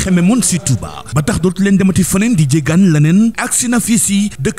xeme moon si Touba ba tax dootu leen demati feneen di jéggaan leneen na fii bu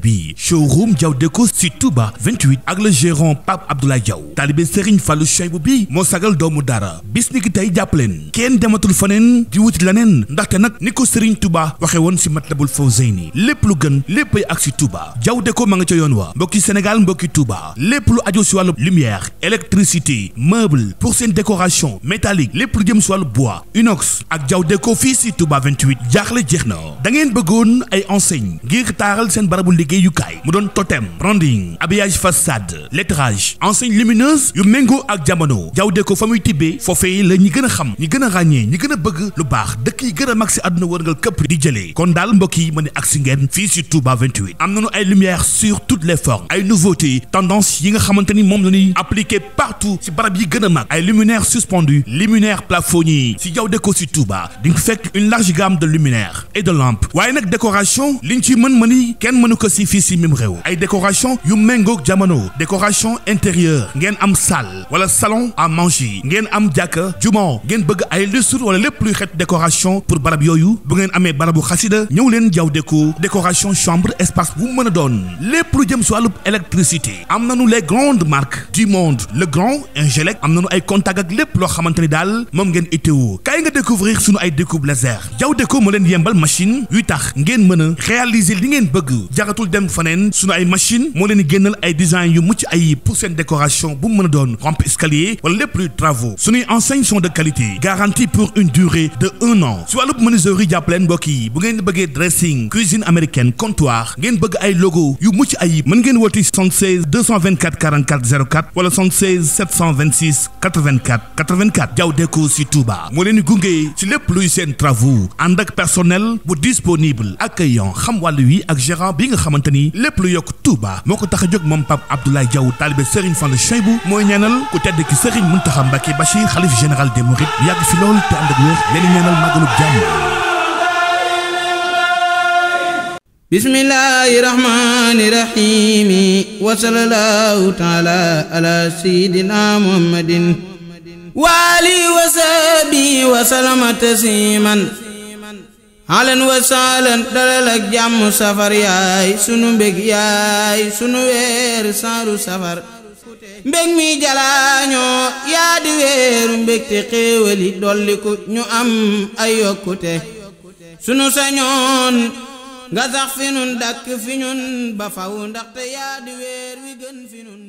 bi showroom Jawdeco Déco si Touba 28 ak le gérant Pape Abdoulaye Diaw talibé Serigne Fallou Cheibou bi moo sagal doomu dara bis ni ki tey jàppaleen kenn dematul feneen di wuti leneen ndaxte nag ni ko Serigne Touba waxe woon si Matlabul Les lépp lu gën léppay ak si Touba wa mbokki Sénégal mbokki Touba lépp lu ajo si wàllu lumière électricité meuble pour seen décoration métallique Les lu jëm si bois inox ak Diaw ko fii si Touba 28 jaaxle jeex da ngeen bëggoon ay enseigne ngir taaral seen barabu kay mu don totem branding habillage façade lettrage enseigne lumineuse yu mango ak jamono jawde ko famuy tibé fofé la ñi gëna xam ñi gëna rañé ñi gëna bëgg lu baax dekk yi gëna a mag si àdduna kep di jëlé kon dal mbokk yi ak ci 28 am nañu ay lumière sur toutes les formes ay nouveautés tendance yi nga xamanteni mom moom appliquer partout si barab yi gëna a mag ay luminaire suspendus luminaire plafonnier si jawde ko ci Touba fait une large gamme de luminaires et de lampes waaye nag décoration liñ ci mën mëni kenn mënu ko si fii si mim réew ay décoration yu méngoog jamono décoration intérieure ngeen am salle wala salon à manger ngeen am jàkka jumaa ngeen bëgg ay lustre wala lépp luy xet décoration pour barab yooyu bu ngeen amee barabu xasida ñëw leen jaw déco décoration chambre espace bu mën a doon lépp lu jëm si électricité am les grandes marques du monde le grand Ingelec am a ay contact ak lépp loo xamante ni daal moom ngeen itteewu kay nga découvrir suñu ay Coup Blazer. laser jaw yembal machine 8 tax gain mën réaliser li ngeen bëgg jaratul dem Fanen suñu ay machine Molen leen a ay design yu mucc ay pour une décoration bu mu rampe escalier wala les plus travaux suñuy enseignes enseignement de qualité garantie pour une durée de un an si vous menuiserie jàppaleen mbokk yi bu dressing cuisine américaine comptoir ngeen bëgg ay logo yu mucc ayib mën ngeen woti 76 224 44 04 wala 726 84 84 jaw deco si Touba moo gunge si le plus seen travaux ànd ak personnel bu disponible accueillant xam walu wi ak gérant bi nga xamanteni lépp lu yok Touba moko tax jóg mom pap Abdoulaye Diaw talibé Serigne Fallou Cheibou moy ñaanal ku tedd ki Serigne Mountakha Mbacké Bachir xalif général des Mourides yag fi lol te ànd ak wér leni ñaanal màggalu jàmm الله الرحمن الرحيم وصلى الله تعالى على سيدنا محمد waali wa saabi wa salama tasiiman halan wa saalan dalal ak jàmm safar yaay sunu mbég yaay sunu weer saaru safar mbég mi jalaañoo yaa di weeru mbég te xéewali dolliku ñu am ay yokkute sunu sañoon nga fi nun dakk fi ñun ba faw ndaxte yaa di weer wi gën fi nun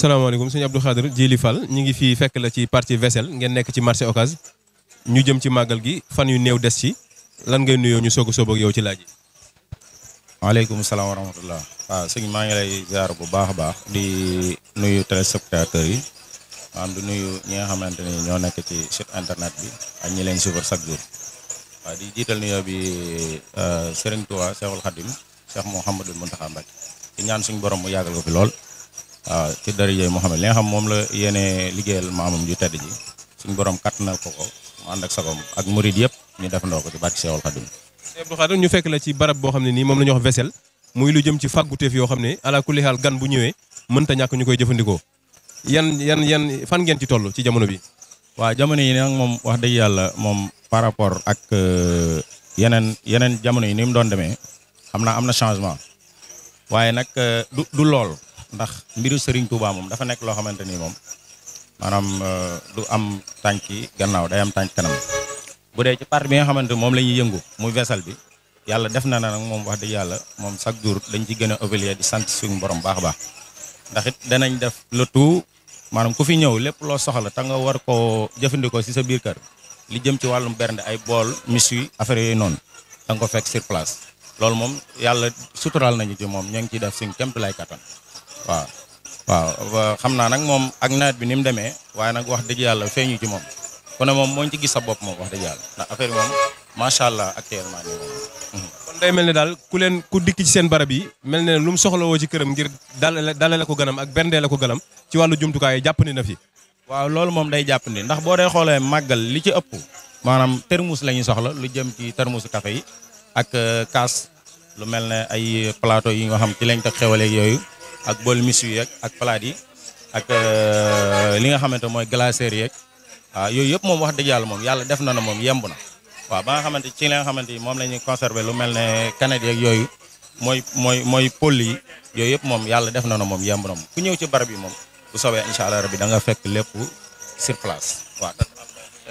salaamaaleykum sëñ Abdou Khadir Jili Fall ñi ngi fi fekk la ci parti vessel ngeen nekk ci marché Ocass ñu jëm ci magal gi fan yu néew des ci lan ngay nuyoo ñu soog a sóob ak yow ci laaj yi. waaleykum salaam wa rahmatullah waaw sëñ maa ngi lay ziar bu baax baax di nuyu téléspectateurs yi maanaam di nuyu ñi nga xamante ni ñoo nekk ci site internet bi ak ñi leen suivre chaque jour. waaw di jiital nuyoo bi euh, Serigne Touba Cheikhul Khadim Cheikh Mouhamadul Mountakha Mbacké di ñaan suñu borom mu yàggal ko fi lool. waaw ci darajey Muhammad li nga xam moom la yéene liggéeyal maamam ju tedd ji suñ borom kattanal ko ko mu ànd ak sagoom ak murid yëpp ñu defandoo ko ci barke Seexul Xadim Abdou ñu fekk la ci barab boo xam ne ni moom la ñu wax vaisselle muy lu jëm ci fàgguteef yoo xam ne ala kulli xaal gan bu ñëwee mënta ñàkk ñu koy jëfandikoo yan yan yan fan ngeen ci toll ci jamono bi waaw jamono yi nag moom wax dëgg yàlla moom par rapport ak euh, yeneen yeneen jamono yi ni doon demee xam naa am na changement waaye nag euh, du lool ndax mbiru Serigne Touba mom dafa nek lo xamanteni ni manam euh, du am tanki gannaaw day am tànk kanam bu dee ci part bi nga xamanteni mom lañuy yëngu muy vessel bi yalla def na na nak mom wax dëgg yalla mom chaque jour dañ ci gëna ovelier di sante suñu borom bax bax ndax it danañ def le tout manam ku fi ñew lepp lo soxla ta nga war ko jëfëndiko ci sa biir kër li jëm ci walum bernde ay bol misui affaire yooyu non da nga fek sur place lol mom yalla sutural nañu ci mom ñang ci def sing temple lay waaw waaw xam naa nag moom ak nawet bi ni mu demee waaye nag wax dëgg yàlla feeñu ci moom ku ne moom moo ñu ci gis sa bopp moom wax dëgg yàlla ndax affaire moom macha allah actuellement nii moom. Mhm. kon day mel ne daal ku leen ku dikk ci seen barab yi mel ne lu mu soxlawoo ci këram ngir dalale dalale ko ganam ak bendee la ko ganam ci wàllu jumtukaay yi jàpp ni na fi. waaw loolu moom day jàpp ni ndax boo dee xoolee màggal li ci ëpp maanaam termus la ñuy soxla lu jëm ci termus café yi ak euh, kaas lu mel ne ay plateau yi nga xam ci lañ teg xewaleeg yooyu ak bool miss yi ak palaat yi ak euh, li nga xamante mooy glacière yeeg waaw yooyu yëpp moom wax dëgg yàlla moom yàlla def na na moom yemb na waaw ba nga xamante ci li nga xamante ni moom la ñuy conserver lu mel ne canette yeeg yooyu mooy mooy mooy pël yi yooyu yëpp moom yàlla def na na moom yemb na moom ku ñëw ci barab yi moom bu soobee incha allah rabbi da nga fekk lépp sur place waaw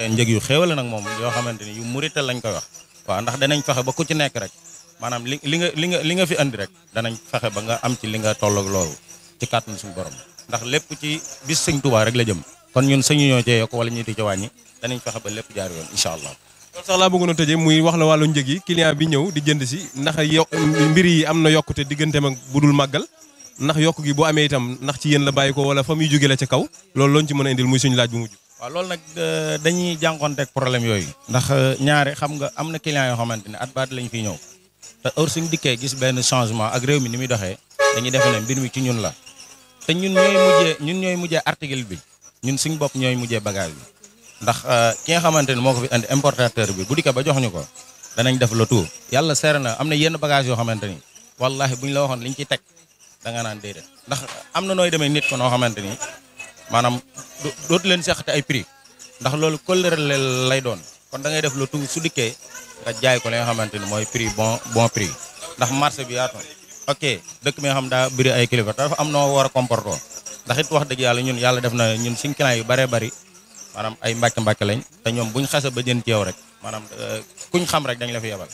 njëg yu xéewale nag moom yoo xamante ni yu murital lañ koy wax waaw ndax danañ fexe ba ku ci nekk rek manam li nga li nga li nga fi andi rek danañ fexé ba nga am ci li nga tollok lool ci kàttan suñu borom ndax lepp ci bis seigne touba rek la jëm kon ñun seigne ñoo jé ko wala ñi di ci wàññi danañ fexé ba lepp jaar yoon inshallah allah sax la bëggu ñu tejé muy wax la walu njëg client bi ñëw di jënd ci ndax mbir yi am na yokkute digganteem ak bu dul ndax yokku gi bu amé itam ndax ci yeen la bayiko wala fa muy jóge la ci kaw lool loñ ci mëna indil muy suñu laaj bu mujj wa loolu nak euh, dañuy ak problème yoy ndax euh, ñaari xam nga amna client yo xamante at baat lañ fi ñëw te heure suñu dikkee gis benn changement ak réew mi ni muy doxee dañuy defe ne mbir mi ci ñun la te ñun ñooy mujjee ñun ñooy mujjee article bi ñun suñu bopp ñooy mujjee bagage bi ndax euh, ki nga xamante ne moo ko fi andi importateur bi bu dikkee ba joxuñu ko danañ def le tout yàlla seere na am na yenn bagage yoo xamante ni wallahi buñ la waxoon liñ ci teg da nga naan déedéet ndax am na nooy demee nit ko noo xamante ni maanaam dootu leen seqate ay prix ndax loolu kóllëre lay doon kon nga jaay ko li nga xamante mooy prix bon bon prix ndax marché bi yaatu ok dëkk bi xam daa bëri ay kilifa dafa am no war a comporter ndax it wax dëgg yàlla ñun yàlla def na ñun suñu client yu bëree bëri maanaam ay mbàkk-mbàkk lañ te ñoom buñ xasa ba jën ci yow rek maanaam euh, kuñ xam rek dañ la fi yebal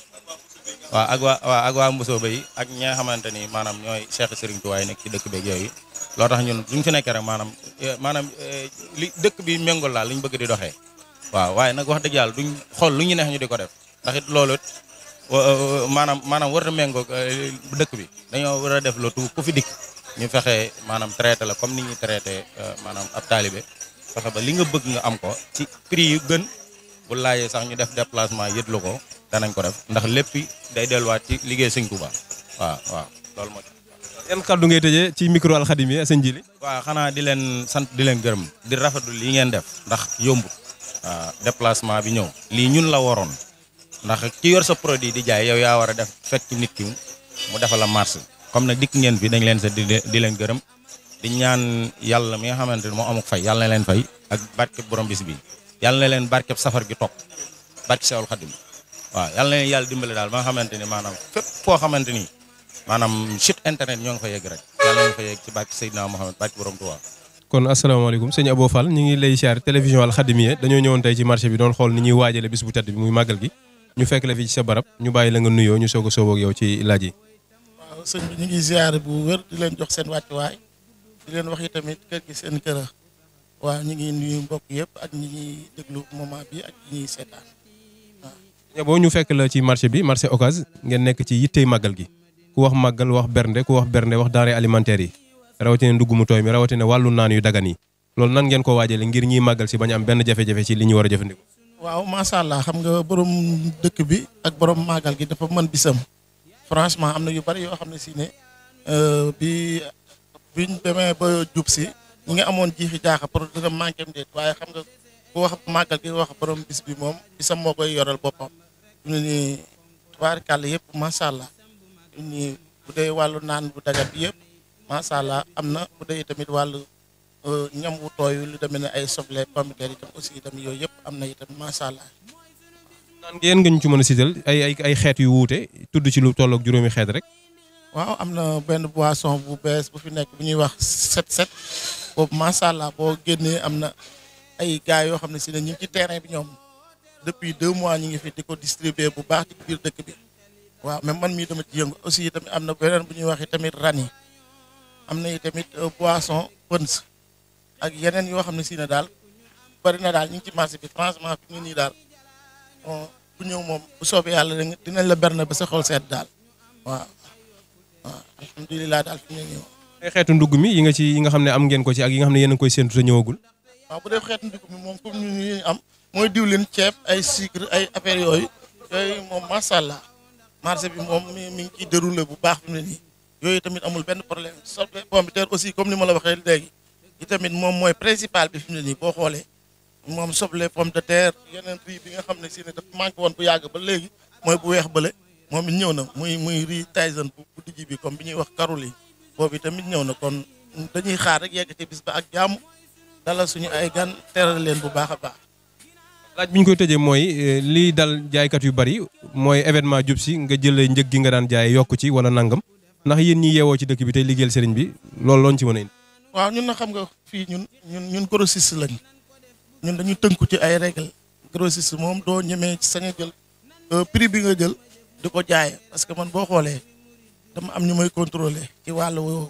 waaw ak waa waaw ak waa Moussa Baye ak ñi nga xamante ni maanaam ñooy Cheikh Serigne Touba nekk ci dëkk beeg yooyu loo tax ñun duñ fi nekk rek maanaam euh, maanaam euh, li dëkk bi méngol laal luñ bëgg di doxe waaw waaye nag wax dëgg yàlla duñ xool ñu neex ndax it mana manam war mengo méngoo euh, bi dañu wara def la tu ku fi dik ñu fexé manam traité la comme ni ñi traité euh, manam ab talibé fexé ba li nga bëgg nga am ko ci prix yu gën bu laye sax ñu def déplacement yët lu ko danañ ko def ndax lépp day wat ci liggéey sëñ Touba wa wa loolu mo yan kaddu ngay ci micro khadim yi Jili wa xana di len sant di len gërëm di li ngeen def ndax yombut déplacement bi ñew li ñun la waron ndax ci yor sa produit di jaay yow ya wara a def fekk nit ki mu defal la marché comme nak dik ngeen fi dañ leen sa di leen gëreum di ñaan yalla mi nga xamanteni mo amuk fay yalla na leen fay ak barke borom bis bi yalla na leen barke safar gi top barke sewul xadim wa yalla na leen yalla mana dal ba nga xamante internet ñong fa yegg rek yalla ñu fa yegg ci barke muhammad barke borom tuwa kon assalamualaikum, seigne abou Fall ñi ngi lay siyaar television Al khadimiyé dañu ñëwon tay ci marché bi doon xol ni ñi waajale bis bu tedd bi muy magal gi ñu fekk la fi ci sa barab ñu bàyyi la nga nuyoo ñu soog a yow ci laaj yi. waaw sëñ bi ñu ngi bu wér di leen seen wàccuwaay di leen wax yi tamit kër gi ñu ngi nuyu mbokk yëpp ak ñi ñuy déglu moment bi ak ñi ñuy seetaan waaw. boo ñu fekk la ci marché bi marché Ocass ngeen nekk ci yittey màggal gi ku wax màggal wax bernde ku wax bernde wax denrée alimentaire yi rawatina ndugg mu tooy mi rawatina wàllu naan yu dagan yi loolu nan ngeen ko waajalee ngir ñiy màggal si bañ am benn jafe-jafe ci li ñu war a jëfandikoo waaw macha allah xam nga borom dëkk bi ak borom magal gi dafa mën bisam franchement am na yu bari yoo xam ne si ne euh, bi biñ demee ba jub si ñi nga amoon jiixi jaaxa pour dina manqué mu déet waaye xam nga ku wax magal gi wax borom bis bi moom bisam moo koy yoral boppam ñu ne nii tubaarkàlla yëpp macha allah ñu bu dee wàllu naan bu dagat bi yëpp macha allah am na bu dee tamit wàllu ñam wu toy lu demé ne ay soble pomiteer itam aussi itam yoy yëpp amna na itam macha allah. naan ngeen nga ci mëna a ay ay ay xéet yu wuté tuddu ci lu tollok juroomi xéet rek. waaw amna ben boisson bu bees bu fi nek bu ñuy wax set set boobu macha allah boo génnee am ay gaay yo xamné ci ñu ci terrain bi ñom depuis 2 mois ñi ngi fi diko distribuer bu baax ci biir dëkk bi. waaw même man mi dama ci yëngu aussi tamit amna benen bu ñuy wax tamit rani amna na euh, boisson pëns. ak yeneen yoo xam ne si ne daal bari na daal ñu ngi ci marché bi franchement fi mu nii daal bu ñëw moom bu soobee yàlla dinañ la berne ba sa xol seet daal waaw waaw alhamdulilah daal fi ne nii ay xeetu ndugg mi yi nga ci yi nga xam ne am ngeen ko ci ak yi nga xam ne yéen a koy séntu te ñëwagul. waaw bu def xeetu ndugg mi moom comme ñun ñu am mooy diwlin ceeb ay sucre ay affaire yooyu yooyu moom macha allah marché bi moom mi ngi ciy déroulé bu baax fi ne yooyu tamit amul benn problème soble pomme de terre comme ni ma la waxee léegi. itamit moom mooy principal bi fi mu ne nii boo xoolee moom soble pomme de terre yeneen riz bi nga xam ne si ne dafa manqué woon bu yàgg ba léegi mooy bu weex bële moom it ñëw na muy muy rii Tyson bu bu bi comme bi ñuy wax karul yi boobu tamit ñëw na kon dañuy xaar rek yegg ci bis ba ak jàmm dalal suñu ay gan teral leen bu baax a baax. laaj bi ñu koy tëjee mooy eh, lii dal jaaykat yu bari mooy événement jub si nga jëlee njëg gi nga daan jaay yokk ci wala nangam ndax yéen ñi yeewoo ci dëkk bi tey bi loolu loon ci mën waaw ñun na xam nga fii ñun ñun ñun grossiste lañ ñun dañu tënku ci ay règle grossiste moom doo ñemee sañ a jël euh, prix bi nga jël di ko jaaye parce que man boo xoolee dama am ñu may contrôler ci wàll woowu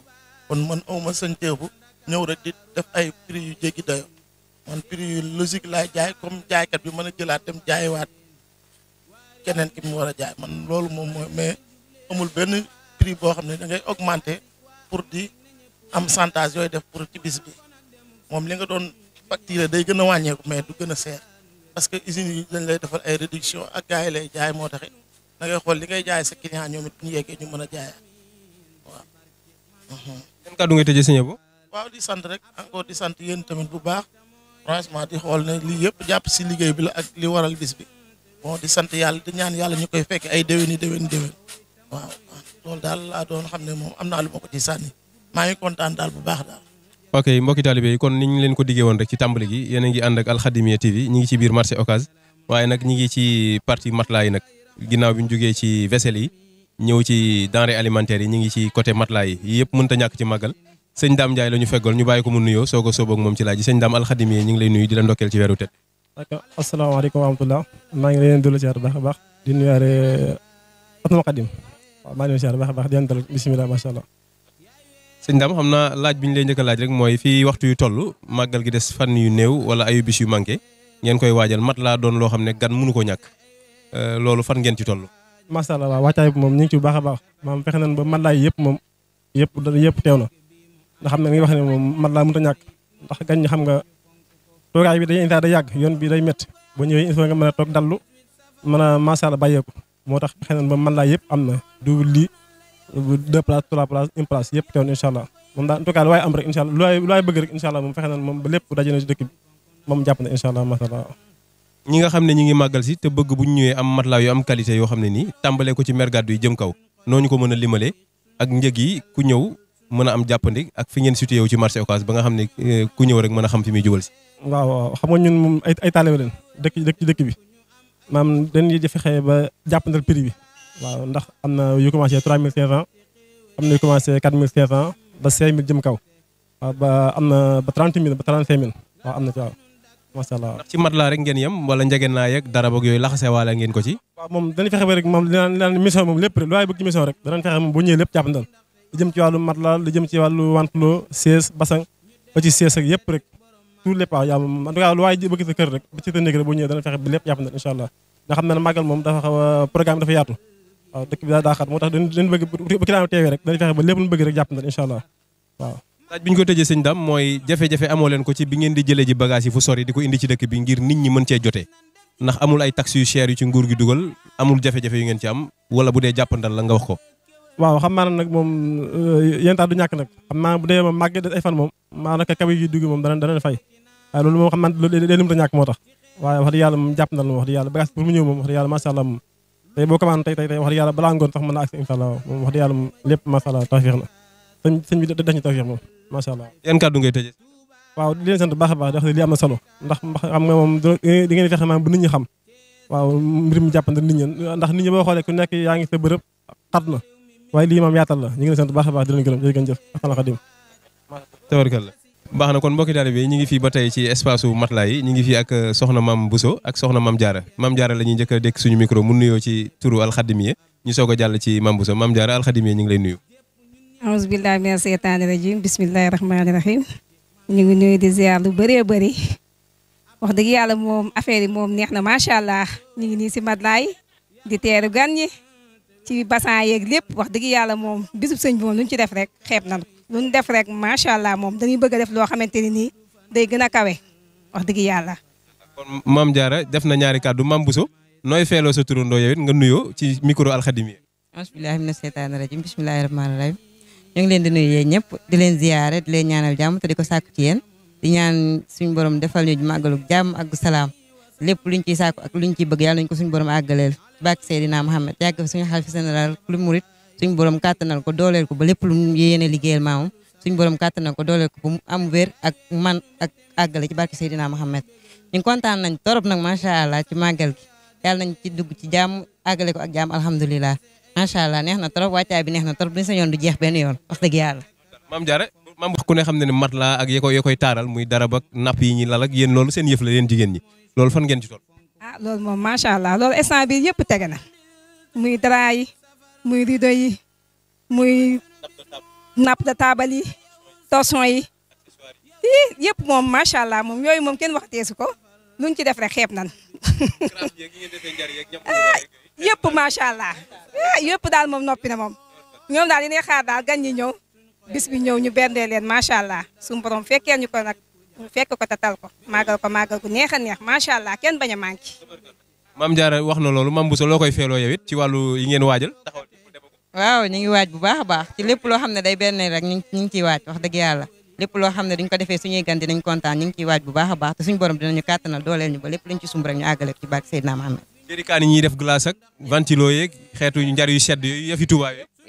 kon man awma sañteebu ñëw rek di def ay prix yu jéggi dayo man prix yu logique laay jaay comme jaaykat bi mën a jëlaat dem jaayiwaat keneen ki mu war a jaay man loolu moom mooy mais amul benn prix boo xam ne da ngay augmenter pour di am chantage yooyu def pour ci bis bi moom li nga doon facturé day gën a wàññeeku mais du gën a seer parce que usines yi dañ lay defal ay réduction ak gars yi lay jaay moo taxit da ngay xool li ngay jaay sa client ñoom it ñu yeggee ñu mën a jaayaat waaw. Mhm. yan kàddu ngay tëjee si ñëpp. waaw di sant rek encore di sant yéen tamit bu baax franchement di xool ne lii yëpp jàpp si liggéey bi la ak li waral bis bi bon di sant yàlla di ñaan yàlla ñu koy fekk ay déwéni déwén déwén waaw loolu daal laa xam ne moom am naa lu ma ko maa ngi dal bu baax dal ok mbokki talibé kon niñ leen ko diggé won rek ci tambali gi yene ngi and ak khadimia TV ñi ngi ci biir marché Ocass waye nak ñi ngi ci parti matla yi nak ginaaw bi ñu jógee ci vaisselle yi ñew ci denrée alimentaire yi ñi ngi ci côté matla yi yépp mën ta ñak ci magal señ dam jaay lañu ñu ñu bàyyi ko mu nuyo soko sobo ak mom ci señ dam al khadimia ñi ngi lay nuyu di la ndokkeel ci tet assalamu alaykum wa rahmatullah ma ngi leen dulu nuyu baax baax di nuyuwaare atuma Khadim ma ngi leen baax baax di bismillah ma sha allah seigne Dame xamna laaj biñ lay ñëk laaj rek moy fi waxtu yu tollu magal gi dess fan yu néew wala ayu bis yu manké ngeen koy wajal mat la doon lo xam gan mënu ko euh lolu fan ngeen ci toll. macha allah waaw waajtaay ñu ci baxa bax a fex nañ ba mat laa yépp mom yépp yëpp teew na nga xam ngi wax ne mom mat la mënut ñak ndax gan ñu xam nga toogaay bi dañuy inta da yag yoon bi day met ba ñëw info nga mëna tok toog dallu mën a macha allah nañ ba mat laa yépp amna du li deux places trois places une place yëpp teewoon incha allah moom daal en lu waay am rek incha allah lu waay bëgg rek incha allah moom jàpp na incha allah macha ñi nga xam ne ñi ngi màggal si te bëgg bu ñu ñëwee am matelas yu am qualité yoo xam ne nii tàmbalee ko ci mer gàddu yi jëm kaw nooñu ko mën a limalee ak njëg ku ñëw mën a am jàppandi ak fi ngeen situé wu ci marché Ocass ba nga xam ne eh, ku ñëw rek mën a xam fi muy jubal si waaw waaw xam ñun moom ay ay ba jàppandal prix bi waaw ndax am na yu commencé 3500 am na yu commencé 4500 ba 5000 jëm kaw waaw ba am na ba 30000 ba 35000 waaw am na ci waaw macha allah. ndax ci matelas rek ngeen yem wala njëgënaay ak dara boog yooyu laxasewaale ngeen ko ci. waaw moom dañu fexe ba rek moom li ñëwee lépp jàppandal lu jëm ci wàllu matelas lu jëm ci wàllu wantulo siège basang ba ci siège yëpp rek tout lépp waaw yaa moom en tout cas lu waay bëgg sa kër rek ba ci sa néeg rek bu ñëwee dana fexe ba lépp jàppandal incha allah yaatu waaw dëkk bi daal daa xat moo tax dañu bëgg bu kiraam teewee rek dañu fexe ba lépp lu bëgg rek jàpp na incha allah waaw laaj bi ñu ko tëjee sëñ Dame mooy jafe-jafe amoo leen ko ci bi ngeen di jëlee ji bagage yi fu sori di ko indi ci dëkk bi ngir nit ñi mën cee jotee ndax amul ay taxes yu cher yu ci nguur gi dugal amul jafe-jafe yu ngeen ci am wala bu dee jàppandal la nga wax ko waaw xam naa nag moom euh, yéen tax du ñàkk nag xam naa bu dee moom màggee ay fan moom maanaka kaw yi dugg moom dana dana fay waaye loolu moom xam naa loolu léeg-léeg mënut a ñàkk moo tax waaye wax dëgg yàlla moom jàppandal moom wax dëgg yàlla bagage pour mu ñëw moom wax dëgg yàlla macha allah moom tey boo commande tey tey tey wax dëgg yàlla balaa ngoon sax mën na agsi incha allah moom wax dëgg yàlla lépp macha allah tawfiix na sëñ sëñ bi def ñu tawfiix moom macha allah. yan kàddu ngay tëjee. waaw di a baax di wax lii am na solo ndax xam nga moom di ngeen fexe maanaam bu nit xam waaw mu mi jàppante nit ñi ndax nit ñi boo xoolee ku nekk yaa ngi sa bërëb waaye lii moom yaatal la ñu ngi leen sant baax a baax di leen gërëm jërëjëf Xadim tabarkalla baax na kon mbokki taalibe yi ñu ngi fii ba tey ci espace su matelas yi ñu ngi fii ak euh, soxna maam Bousso ak soxna maam Diarra maam Diarra la ñuy njëkk a dékk suñu micro mu nuyoo ci turu alxadimiye ñu soog a jàll ci maam Bousso maam Diarra alxadimiye ñu ngi lay nuyu. aouzu billahi mina seytaani rajim bismillahi rahmaani rahim ñu ngi nuyu di si lu bëree bëri wax dëgg yàlla moom affaire yi moom neex na macha allah ñu ngi nii si matelas yi di teeru gan ñi ci bassin yeeg lépp wax dëgg yàlla moom bisub sañ bi moom ñu ci def rek xeeb na lu def rek macha allah moom dañuy bëgg a def loo xamante ni nii day gën a kawe wax dëgg yàlla. moom maam def na ñaari kàddu maam Bousso nooy feeloo sa turandoo yow it nga nuyoo ci micro alxadimi. bismillahi mina seytaani rajim bismillahi rahmaani rahim ñu ngi leen di nuyu yéen ñëpp di leen ziyaare di leen ñaanal jàmm te di ko sàkku ci yéen di ñaan suñ borom defal ñu màggalu jàmm ak salaam lépp lu luñ ciy sàkku ak luñ ciy bëgg yàlla nañu ko suñu borom àggaleel bàkk Seydina Muhammad yàgg suñu xalifa général lu murit suñ borom kàttanal ko dooleel ko ba lépp lu mu yéene liggéeyal maamam suñ ko dooleel ko ba mu am wér ak man ak àggale ci barke Seydina Mohamed kontaan nañ torop nag macha allah ci màggal gi yàlla nañ ci dugg ci jàmm àggale ko ak jàmm alhamdulilah macha allah neex na torop wàccaay bi neex na torop bu ñu sañoon jeex benn yoon wax dëgg yàlla. maam Diarra maam wax ku ne xam ne ne mat laa ak ya koy ya koy taaral muy darab ak yi ñuy lal ak yéen loolu seen yëf la yéen jigéen ñi loolu fan ngeen ci toll. ah loolu moom macha allah loolu instant bi yëpp muy rido yi muy napp da taabal yi torchon yi i yëpp moom macha allah moom yooyu moom kenn waxatee su ko lu ñu ci def rek xeeb nan ah yëpp macha allah ah, yëpp daal moom noppi na moom ñoom daal yéenay xaar daal gan ñi ñëw bis bi ñëw ñu bendee leen macha allah suñu borom fekkeel ñu ko nag fekk ko tatal ko màggal ko màggal ko neex a neex macha allah kenn bañ a manqué. maam wax na loolu maam loo koy feeloo yow it ci wàllu yi ngeen waajal. waaw ñu ngi waaj bu baax a baax ci lépp loo xam ne day benn rek ñu ngi ciy waaj wax dëgg yàlla lépp loo xam ne duñ ko defee suñuy gan dinañ kontaan ñu ngi ciy waaj bu baax a baax te suñu borom dinañu kàttanal dooleel ñu ba lépp luñ ci sumb rek ñu àggale ko ci barke Seydina Mohamed jërikaan yi ñuy def glace ak ventilo yeeg xeetu njar yu sedd yooyu yëf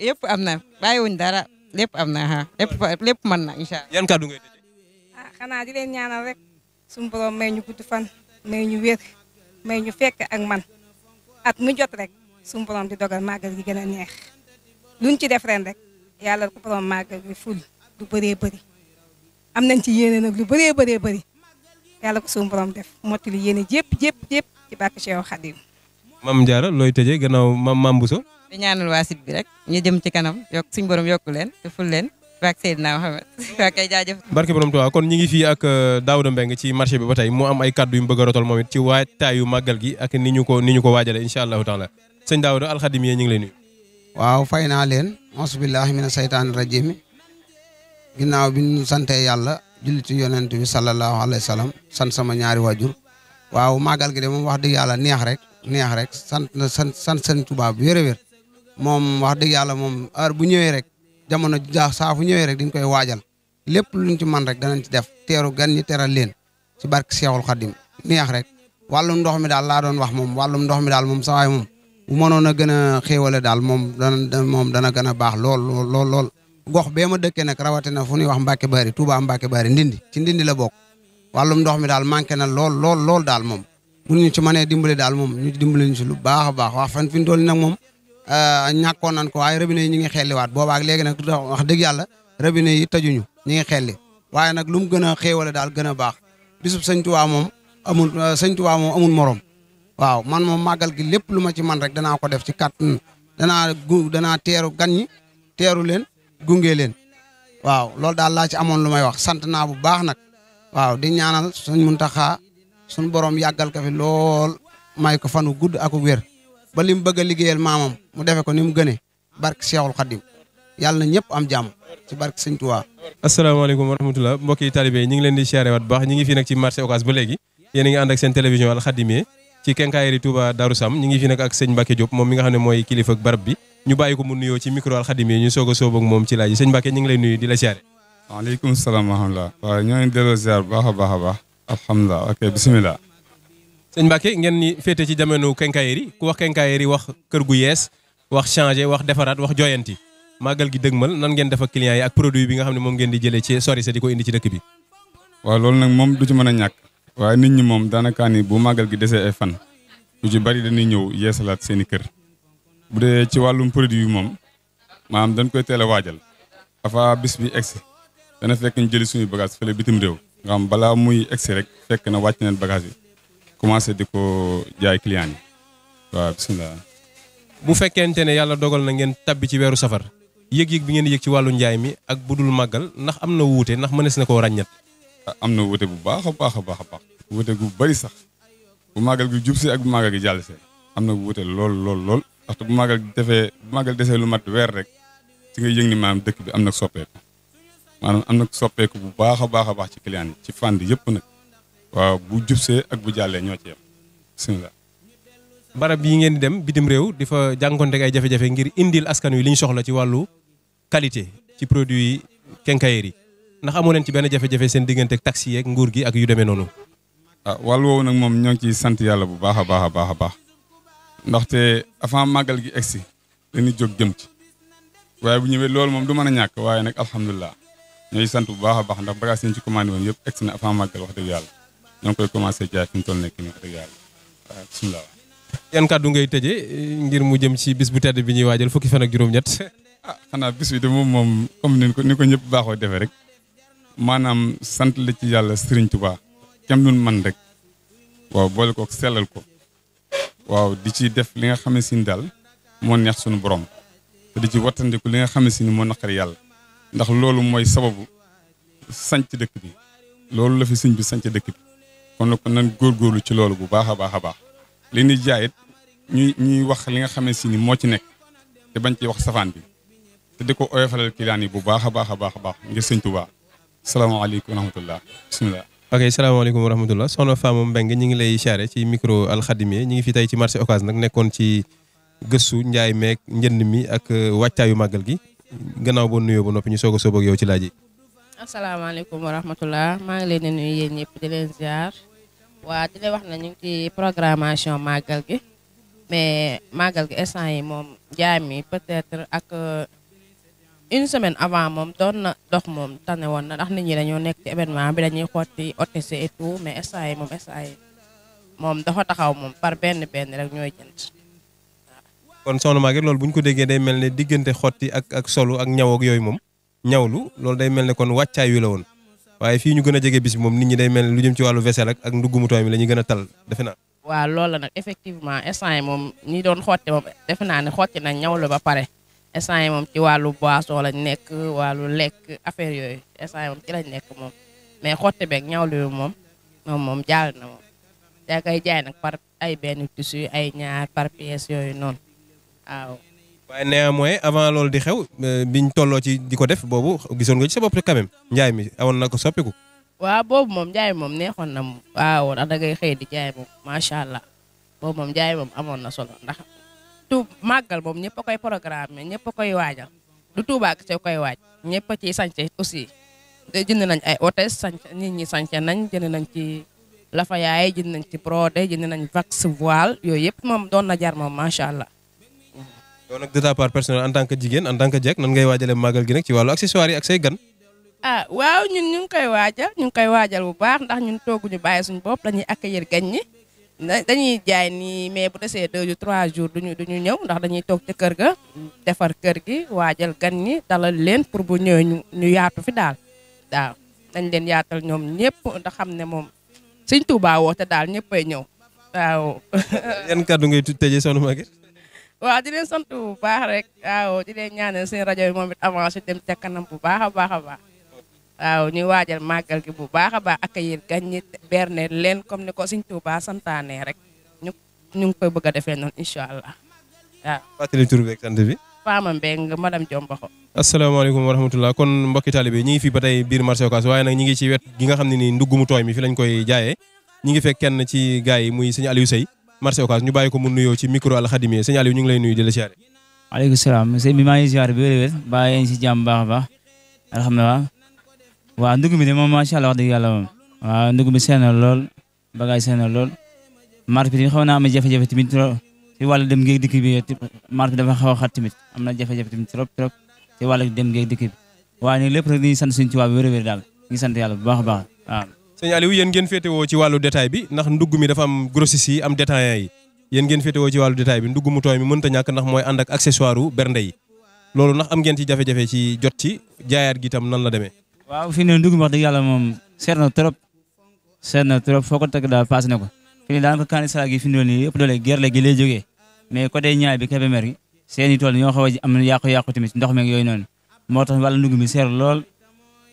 yëpp am na bàyyiwuñ dara lépp am na ha lépp lépp mën na incha allah yan kàddu ngay ah, xanaa di leen ñaanal rek suñu borom may ñu gudd fan may ñu wér may ñu fekk ak man at mu jot rek suñu borom di dogal màggal gi gën a neex luñ ci def ren rek yàlla ko borom màggal bi ful lu bëree bëri am nañ ci yéene nag lu bëree bëree bëri yàlla ko suñu borom def motti li yéene jépp jépp jépp ci bàkk Cheikh Khadim Mame looy tëjee gannaaw Mame Mame Bousso di ñaanal waa sit bi rek ñu jëm ci kanam yokk suñu borom yokku leen te ful leen waak Seydina Mohamed waa kay jaajëf barke borom Tuubaa kon ñi ngi fii ak euh, Daouda Mbengue ci marché bi ba tey mu am ay kaddu yu mu bëgg a rotal moom it ci gi ak ni ñu ko ni ñu ko waajalee incha allahu taala sëñ Daouda alxadim yee ñu ngi waaw fay naa leen masbillahi mina seytaani rajim ginnaaw bi ñu sante yàlla julli ci yonent bi sallallahu alayhi wa sallam sant sama ñaari waajur waaw màggal gi de moom wax dëgg yàlla neex rek neex rek sant san sant sant sëñ Tuubaa wér moom wax dëgg yàlla moom heure bu ñëwee rek jamono jaa saa fu ñëwee rek dañ koy waajal lépp luñ ci man rek danañ ci def teeru gan ñi teral leen ci barke Seexul Xadim neex rek wàllum ndox mi daal laa doon wax moom wàllum ndox mi daal moom sawaay bu mënoon a gën a xéewale daal moom dana moom dana gën a baax lool lool lool. gox bee ma dëkkee nag rawatina fu ñuy wax Mbacke Bari Touba Mbacke Bari ndindi ci ndindi la bokk wàllum ndox mi daal manqué na lool lool lool daal moom. bu ñu ci mënee dimbali daal moom ñu dimbali ñu si lu baax a baax wax fan fi ñu toll nag moom euh, ñàkkoon nañ ko waaye robinet yi ñu ngi xelliwaat boobaak léegi nag wax dëgg yàlla robinet yi tëjuñu ñu ngi xelli waaye nag lu mu gën a xéewale daal gën a baax bisub sëñ Tuubaa moom amul euh, sëñ Tuubaa moom amul Wow, man mo magal gi lepp luma ci man rek dana ko def ci carton dana gu danaa teeru gan len teeru len gunge waaw lol dal la ci amone lumay wax sant na bu baax nak waaw di ñaanal suñu Muntaxa suñu borom yagal ka fi maikafan may ko fanu gudd ak wér ba lim bëgg ligéyal mamam mu défé ko ni gëné gënee cheikhul khadim Xadim ñepp am jam ci seigne touba assalamu alaykum wa mbokk yi talibé ñi ngi leen di xéré wat bah, baax ñi ngi fi nak ci marché Ocass ba légui yéen nga and ak seen télévision Al khadimé ci kenkaayeri Touba Darou Sam ñi ngi fi nag ak sëñ Mbacke Diop moom mi nga xam ne mooy kilifa ak barab bi ñu bàyyi ko mu nuyoo ci micro alxadim yi ñu soog a ak moom ci laaj yi sëñ Mbacke ngi lay nuyu di la siyaare waaleykum salaam wa rahmatulah waaw ñoo ngi delloo ziar bu baax a baax a baax alhamdulilah ok bisimilah ngeen ni féete ci jamono kenkaayeri ku wax kenkaayeri wax kër gu yees wax changé wax defaraat wax joyanti màggal gi dëgmal nan ngeen def ak client yi ak produit bi nga xam ne moom ngeen di jëlee ci sori sa di indi ci dëkk bi waaw loolu nag moom du ci mën a waye nit ñi mom danaka ni bu magal gi déssé ay fan lu ci bari dañuy ñëw yéssalat seen kër bu dé ci walum produit mom maam dañ koy télé wajal afa bis bi ex dana fekk ñu jëli suñu bagage fele bitim réew nga am bala muy ex rek fekk na wacc neen bagage yi commencé di jaay client yi wa bismillah bu fekkente ne yalla dogal na ngeen tabbi ci wéru safar yëg-yëg bi ngeen ci walu njaay mi ak budul magal ndax amna wuté wuute ndax mënees na am na wute bu baax a baax a baax a baax wute gu bari sax bu màggal gi jub see ak bu màggal gi jàll see am na wute lool lool lool ndaxte bu màggal defee bu màggal desee lu mat weer rek ci nga yëg ni maanaam dëkk bi am na soppeeku maanaam am na soppeeku bu baax a baax a baax ci client ci fànn yëpp nag waaw bu jubsee ak bu jàllee ñoo ci yem bisimilah. barab yi ngeen di dem bitim réew di fa jànkonteeg ay jafe-jafe ngir indil askan wi li ñu soxla ci wàllu qualité ci produit quincaillerie yi ndax amoo leen ci benn jafe-jafe seen diggante taxi yeek nguur gi ak yu demee noonu. ah wàll woowu nag moom ñoo ngi ciy sant yàlla bu baax a baax a baax a baax ndaxte avant màggal gi egsi dañuy jóg jëm ci waaye bu ñëwee loolu moom du mën a ñàkk waaye nag alhamdulilah ñooy sant bu baax a baax ndax bagages yi ñu ci commandé woon yëpp egsi na avant màggal wax dëgg yàlla ñoo koy commencé jaay fi ne toll nekk nii wax dëgg yàlla waaw ah, bisimilah. yan kàddu ngay tëjee eh, ngir mu jëm ci bis bu tedd bi ñuy waajal fukki fan ak juróom-ñett. ah xanaa bis bi de moom moom comme ni ko ni ko ñëpp baaxoo defee rek maanaam sant la ci yàlla Serigne Touba kem nun man rek waaw boole ko sellal ko waaw di ci def li nga xamee si ni daal moo neex suñu borom te di ci wattandiku li nga xamee si ni moo naqari yàlla ndax loolu mooy sababu sanc dëkk bi loolu la fi sëñ bi sanc dëkk bi kon nag nan góorgóorlu ci loolu bu baax a baax a baax li ñuy jaayit ñuy ñuy wax li nga xamee si ni moo ci nekk te bañ ci wax safaan bi te di ko oyofalal kilaan yi bu baax a baax a baax a baax ngir sëñ Touba salaamaaleykum wa rahmatulah bisimilah. ok salaamaaleykum wa rahmatulah soxna Fama Mbengue ñu ngi lay siyaare ci micro alxadimier ñu ngi fi tey ci marché Ocass nag nekkoon ci gëstu njaay meeg njënd mi ak euh, waajtaayu màggal gi gannaaw boo nuyo ba noppi ñu soog a yow ci laaj yi. asalaamaaleykum wa rahmatulah maa ngi leen di nuyu waa di wax na ñu ngi ci programmation màggal gi mais màggal gi instant yi moom njaay peut-être ak. Euh, une semaine avant moom doon na dox moom tane woon na ndax nit ñi dañoo nekk ci événement bi dañuy xotti OTC et tout mais instant yi moom instant moom dafa taxaw moom par benn benn rek ñooy jënd waaw. kon soxna Maguette loolu bu ñu ko déggee day mel ne diggante xotti ak ak solo ak ñaw ak yooyu moom ñawlu loolu day mel ne kon wàccaay wi woon waaye fii ñu gën a jege bis bi moom nit ñi day mel ne lu jëm ci wàllu vaisselle ak ak nduggumu tooy mi la ñuy gën a tal defe naa. waaw loolu nag effectivement instant yi moom ñi doon xotti moom defe naa ne xotti na ñawlu ba pare. instant yi moom ci wàllu boisson lañ nekk wàllu lek affaire yooyu instant yi moom ci lañ nekk moom mais xotti beeg ñawlu yu moom moom moom jàll na moom yaa jaay nag par ay benn tissu ay ñaar par pièce yooyu noonu waaw. waaye loolu di xew euh, biñ tolloo ci di ko def boobu gisoon ga ci sa bopp quand mi awoon na ko soppiku. waaw boobu moom njaay moom neexoon na moom waaw da ngay xëy di jaay moom macha allah boobu moom njaay moom amoon na solo tuub màggal moom ñëpp a koy programme ñëpp koy waajal du Touba koy waaj ñëpp a ciy sànce aussi jënd nañ ay hôtes sànc nit ñi sànce nañ jënd nañ ci lafa yaay jënd nañ ci brodé jënd nañ vax voile yooyu yëpp moom doon na jar moom macha allah. yow nag de ta part personnel en tant que jigéen en tant que jeeg nan ngay waajalee màggal gi nag ci wàllu accessoire yi ak say gan. ah waaw ñun ñu ngi koy waajal ñu ngi koy waajal bu baax ndax ñun tooguñu bàyyi suñu bopp dañuy accueillir gan ñi. dañuy jaay nii mais bu desee deux jours trois jours du duñu ñëw ndax dañuy toog ca kër ga defar kër gi waajal gan ñi dalal leen pour bu ñëwee ñu ñu yaatu fi daal waaw dañ leen yaatal ñoom ñëpp ndax xam ne moom Sëñ Tuubaa woote daal ñëppay ñëw waaw. yan kàddu ngay tëjee sonu magi waaw di leen sant bu baax rek waaw di leen ñaanal seen rajo yi moom it avancer dem ca kanam bu baax a baax a baax. waaw ñu waajal màggal gi bu baax a baax ak yéen gan ñi berne leen comme ne ko Sëñ Tuubaa santaane rek ñu ñu ngi koy bëgg a defee noonu incha allah waaw. fàttali tur bi ak sant bi. Fama Mbengue madame Diombaxo. asalaamaaleykum wa kon mbokki taalibe ñu ngi fi ba tey biir marché Ocass waaye nag ñu ngi ci wet gi nga xam ne ni ndugg mu tooy mi fi lañ koy jaayee ñu ngi fekk kenn ci gars yi muy sëñ Aliou Seye marché Ocass ñu bàyyi ko mu nuyoo ci micro alxadimier sëñ Aliou ñu ngi lay nuyu di la siyaare. waaleykum salaam ngi siyaare bi wér-wér a baax alhamdulilah waaw ndugg de moom macha allah wax dëgg yàlla moom waaw ndugg lool bagage seen lool marché bi xaw naa am jafe-jafe tamit trop dem geeg dikk bi marché dafa xaw a xat am na jafe-jafe tamit trop trop ci wàllu dem geeg dikk bi waaye nag lépp rek sant suñu tubaab bi wér-wér daal ñu sant yàlla bu baax a baax waaw. sëñ Aliou yéen ngeen féetewoo ci wàllu détail bi ndax ndugg mi dafa am grossiste yi am détaillant yi yéen ngeen woo ci wàllu détail bi ndugg mu tooy mi ta ñàkk ndax mooy ànd ak accessoire bernde yi loolu ndax am ngeen ci jafe ci jot ci jaayaat gi itam nan la demee waaw fi ne ndugum wax dëgg yàlla moom seet na trop seet na trop foo ko teg daal paas na ko fi ne daanaka kaani salak yi fi ne nii yëpp doole gerte gi lay jógee mais côté ñaay bi Kébémer yi xaw am na yàqu-yàqu tamit ndox meeg yooyu noonu moo tax wàllu ndugum bi seer lool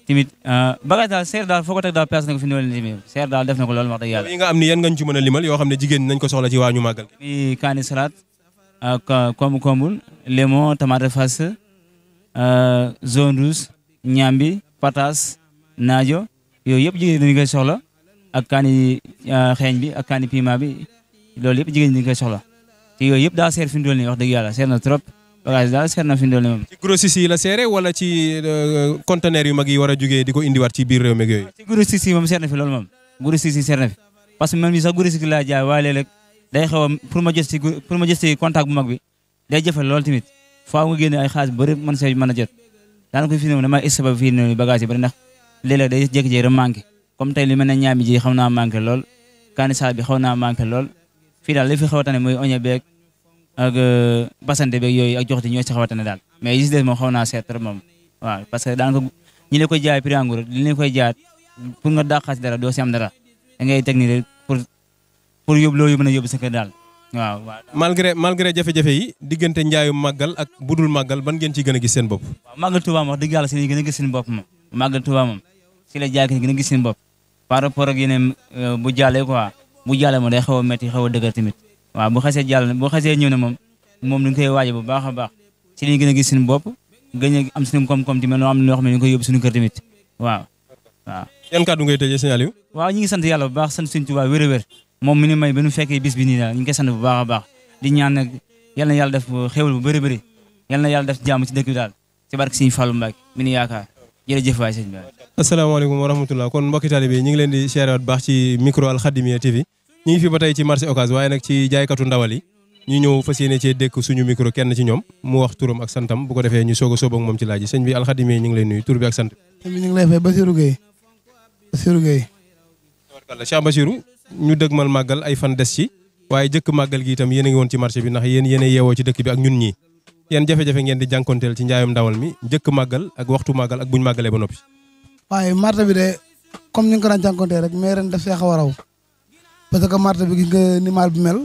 tamit euh, bagage daal seer daal foo ko teg daal paas na ko fi ne nii tamit seer daal def na ko lool am ni ci mën a limal yoo xam ne jigéen nañ ko soxla ci waañu fas euh, zone rouge pataas naajo yooyu yëpp jigéen dañu soxla ak kaani euh, xeeñ bi ak kaani piment bi loolu yëpp jigéen dañu koy soxla te yooyu yëpp daa seer fi mu toll nii wax dëgg yàlla seer na trop bagage daal seer na fi mu toll moom. ci la seere wala ci euh, conteneur yu mag yi war a jugee di ko indiwaat ci biir réew mi yooyu. ci grossiste yi moom seer na fi loolu moom grossiste yi seer na fi parce man mii sax grossiste laa jaay waaye day xaw a pour ma jot ci pour ma jot ci contact bu mag bi day jëfal a jot daanaka fi mu ne damaa essayé ba fii nii bagage yi ba ndax léeg-léeg day jékki-jékki rek manqué comme tey li mel ne ñaami ji xaw naa manqué lool kanisa bi xaw naa manqué lool fii daal li fi xaw a mooy oñe beeg ak euh, basante yooyu ak joxti ñoo si xaw a tane daal mais is des moom xaw naa seet trop moom waaw parce que daanaka ñi la koy jaay prix en gros koy jaay pour nga dàqaat dara doo am dara da ngay technique pour pour yóbbu loo yóbbu na yóbbu sa daal waaw malgré malgré jafe-jafe yi diggante njaayu màggal ak budul màggal ban ngeen ci gën a gis seen bopp waaw màggal Tuubaa wax dëgg yàlla si lañu a gis seen bopp moom màggal Tuubaa moom si la jaay gën a gis seen bopp par rapport ak yeneen euh, bu jàllee quoi bu jàllee moom day xaw a métti xaw a dëgër tamit waaw bu xasee jàll bu xasee ñëw ne moom moom ñu koy waaje bu baax a baax si lañu gën a gis seen bopp gën a am suñu koom-koom tamit loo am loo xam ne ñu koy yóbbu suñu kër tamit waaw waaw yan kàddu ngay tëjee sëñ Aliou waaw ñi ngi sant yàlla bu baax a moom mi nu may ba nu fekkee bis bi nii daal ñu sant bu baax a baax di ñaan nag yal na yàlla def xéwal bu bëri bari yal na yàlla def jàmm ci dëkk daal ci barke Sëñ Fallou Mbacke mi nu yaakaar jërëjëf waay sëñ bi kon mbokki taalibe ñu ngi leen di seeraat baax ci micro Al Khadimiyyah TV ñu ngi fi ba tey ci marché Ocass waaye nag ci jaaykatu ndawal yi ñu ñëw fas yéene cee dékk suñu micro kenn ci ñoom mu wax turam ak santam bu ko defee ñu soog a sóob ak moom ci laaj yi bi Al Khadimiyyah ñu ngi lay nuyu tur bi ak sant bi ñu ngi lay fay Basirou Gueye ñu mal màggal ay fan des ci waaye jëkk màggal gi itam yéen a ngi woon ci marché bi ndax yéen yéen a yeewoo ci dëkk bi ak ñun ñii yan jafe-jafe ngeen di jànkonteel ci njaayum dawal mi jëkk màggal ak waxtu màggal ak buñ màggalee ba noppi. waaye marché bi de comme ni nga ko daan jànkonteel rek mais ren daf see xaw raw parce que marché bi gi nga ni maal bi mel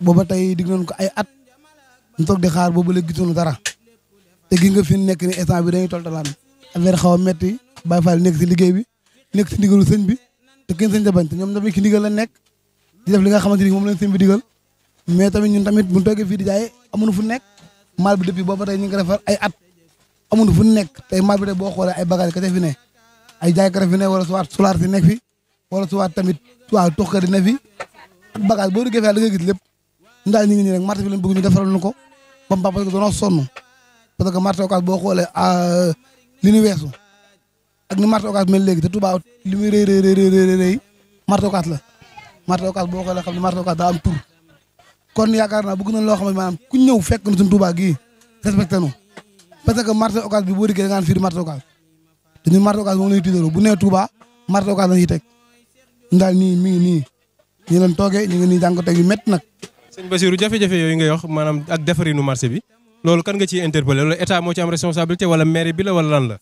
booba tey dig nañ ko ay at ñu toog di xaar boobu la gisuñu dara te gi nga fi nekk ni instant bi dañuy toltalaan affaire xaw a metti bàyyi faal nekk si liggéey bi nekk si ndigalu sëñ bi te kenn sañ da te ñoom tamit ki ndigal la nekk di def li nga xamante ni moom lañ seen bi digal mais tamit ñun tamit buñ toogee fii di jaay amuñu fu nekk maal bi depuis booba tey ko defar ay at amuñu fu nekk tey maal bi tey boo xoolee ay bagage ka fi ne ay jaay ka fi ne wala suwaat solaar si nekk fi wala suwaat tamit waaw tux ka di ne fi ak bagage boo duggee fii da nga gis lépp ñu daal ngi nii rek marché bi lañ bëgg ñu defaral ñu ko ba mu baax parce sonn parce que marché Ocass boo xoolee ah, li ñu weesu ak ni marché Ocass mel léegi te Touba li muy rëy rëy rëy la marché Ocass boo xoolee xam ne marché Ocass tur kon yaakaar naa bëgg nañ loo xam ne maanaam ku ñëw fekk na suñu Touba gii respecté nu parce que marché Ocass bi boo dikkee da ngaan fii di marché Ocass te ñun marché Ocass moom la ñuy tuddee bu nee Touba marché Ocass la ñuy teg ñu nii mi ngi nii ñu leen toogee ñu ngi nii jànkuwante yu métti nag. sëñ Bassirou jafe-jafe yooyu ngay wax maanaam ak nu marché bi loolu kan nga ciy interpellé loolu état moo ci am responsabilité wala maire bi la wala lan la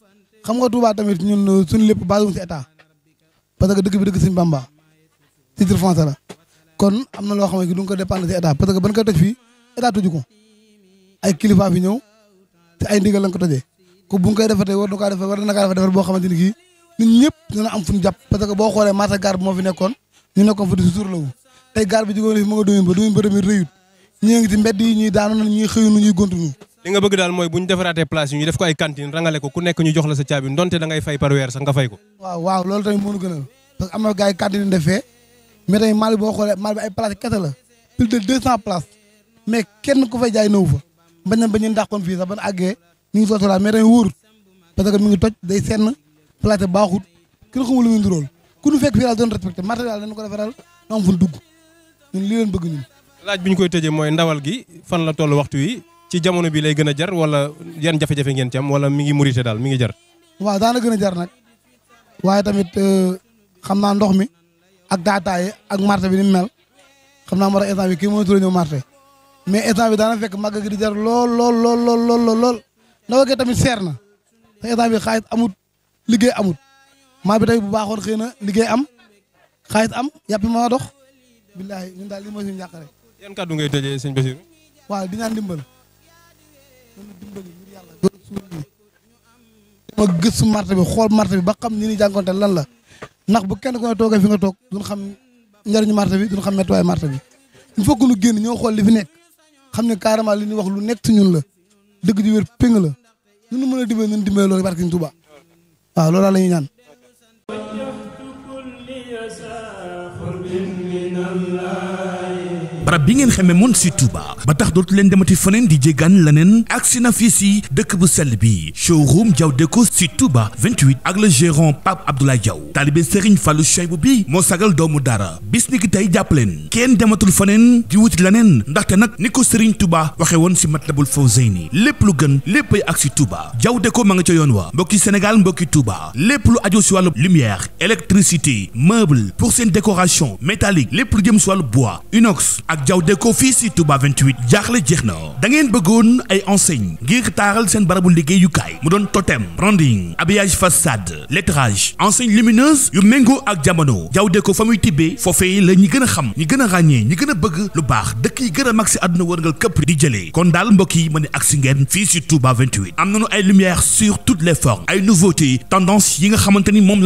xam nga Touba tamit ñun uh, suñu lépp basé si état parce que dëkk bi dëkk Sëñ Bamba titre la kon am na loo xam ne du ko dépendre si état parce que ban ko toj fii état tuju ko ay kilifa fi ñëw te ay ndigal lañ ko tojee ko bu ñu koy defatee war na kaa defar boo xamante ni kii ñëpp dina am fu ñu parce que boo xoolee marché gaar bi moo fi nekkoon ñu nekkoon fa di suur la wu tey gaar fi mu nga doyun ba doyun ba rëyut ñi ngi ci mbedd yi ñuy xëyunu ñuy gontu li nga bëgg daal mooy bu ñu defaraatee place yi ñu def ko ay cantine rangale ko ku nekk ñu jox la sa caabi ndonte da fay par weer sax nga fay ko. waaw loolu tamit mënu parce que am xoolee Mali bi ay place kese la mais kenn ku fay jaay nëw fa bañ a bañ a ndax kon fii sax ban àggee ñu ngi sootalaat mais tamit wóorut parce que mi ngi toj day senn place baaxut kenn xamul lu muy ku ñu fekk fii daal doon respecté matériel dañ ko defaral ñu am fu dugg ñun lii bëgg ñun. laaj bi ñu koy tëjee mooy ndawal gi fan la toll waxtu yi ci jamono bi lay gën a jar wala yan jafe-jafe ngeen ci am wala mi ngi murite daal mi ngi jar. waaw daana gën a jar nag waaye tamit euh, xam naa ndox mi ak daataay ak marché bi ni mu mel xam naa moo tax état bi kii mooy tur mais état bi daana fekk màgg gi di jar lool lool lool lool lool lool tamit seer na te état bi xaalis amut liggéey amut maa bi tey bu baaxoon xëy na liggéey am xaalis am yàpp ma dox billaahi ñun daal li mooy suñu njàqare yan kàddu ngay tëjee dimbal ma gëstu marché bi xool marché bi ba xam ni ni jànkonte lan la ndax bu kenn ko ne toogee fi nga toog duñ xam njariñu marché bi duñ xam méttuwaay marché bi il faut que génn ñoo xool li fi nekk xam ne carrément li ñuy wax lu nekk ci ñun la dëgg ju wér péng la ñun ñu mën a dimbale ñun dimbale loolu barke Sëriñ Tuubaa waaw loolu la ñuy ñaan barab bi ngeen xamee moon si Touba ba tax dootu leen demati feneen di jéggaan leneen agsi na fii si dëkk bu sell bi showroom Diaw Déco si Touba 28 ak le gérant Pape Abdoulaye Diaw taalibe Serigne Fallou chaibo bi moo sagal doomu dara bis ni ki tey jàppaleen kenn dematul feneen di wuti leneen ndaxte nag ni ko Serigne Touba waxee woon si Matlabul Fawzayni lépp lu gën léppay ak si Touba Diaw Déco ma nga ca yoon wa mbokki Sénégal mbokki Touba lépp lu ajo si wàllu lumière électricité meuble pour seen décoration métallique lépp jëm si wàllu bois ak jawde ko 28 jaxle jeex da ngeen bëggoon ay enseigne ngir taaral seen barabu kay mu totem branding habillage façade lettrage enseigne lumineuse yu mengo ak jamono jawde ko fa muy tibbee la ñi gën xam ñi gën a ñi gën a bëgg lu baax dëkk yi gën a mag si di kon ak ngeen 28 am nañu ay lumière sur toutes les formes ay nouveautés tendance yi nga xamanteni mom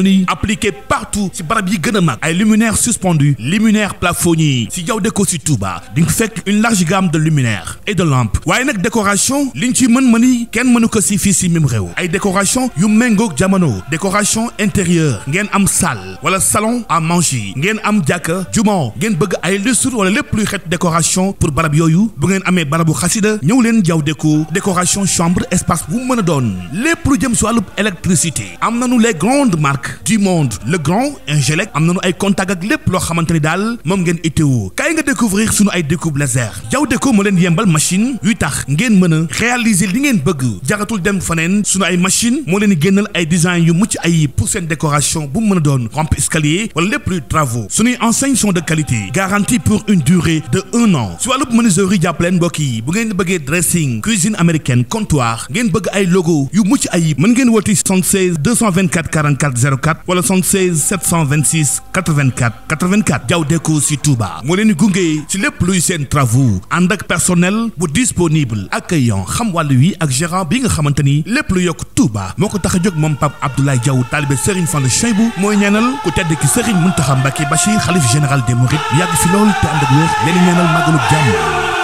partout si barab yi gën a ay luminaire suspendu luminaire plafonnier si jawde si Touba di nga fekk une large gamme de luminaires et de lampes waaye nag décoration liñ ci mën mën yi kenn mënu ko si fii si mim réew ay décoration yu méngoog jamono décoration intérieure ngeen am salle wala salon à manger ngeen am jàkka jumaa ngeen bëgg ay lustre wala lépp luy xet décoration pour barab yooyu bu ngeen amee barabu xasida ñëw leen jaw déco décoration chambre espace bu mën a doon lépp lu jëm si électricité am nañu les grandes marques du monde le grand Ingelec am nañu ay contact ak lépp loo xamante ni daal moom ngeen itteewu kay nga découvrir ngir sunu ay découpe laser jaw déco mo len yembal machine huit tax ngeen meuna réaliser li ngeen bëgg jaratul dem fanen sunu ay machine mo leen génnal ay design yu mucc ay pour seen décoration bu meuna donne, doon rampe escalier wala lépp luy travaux sunuy enseignes sont de qualité garantie pour une durée de un an si wàllub menuiserie jàppaleen boki yi bu ngeen bëggee dressing cuisine américaine comptoir ngeen bëgg ay logo yu mucc ay mën ngeen woti 76 224 44 04 wala 76 726 84 84 jaw déco si Touba moo leen gunge lépp luy seen travaux ànd ak personnel bu disponible accueillant xam wàllu wi ak gérant bi nga xamante ni lépp lu yokk Touba moo ko tax a jóg moom Pape Abdoulaye Diaw talibé Serigne de Cheibou mooy ñaanal ku tedd ki Serigne Mountakha Mbacké Bachir xalif général des Mourides yàgg fi lool te ànd ak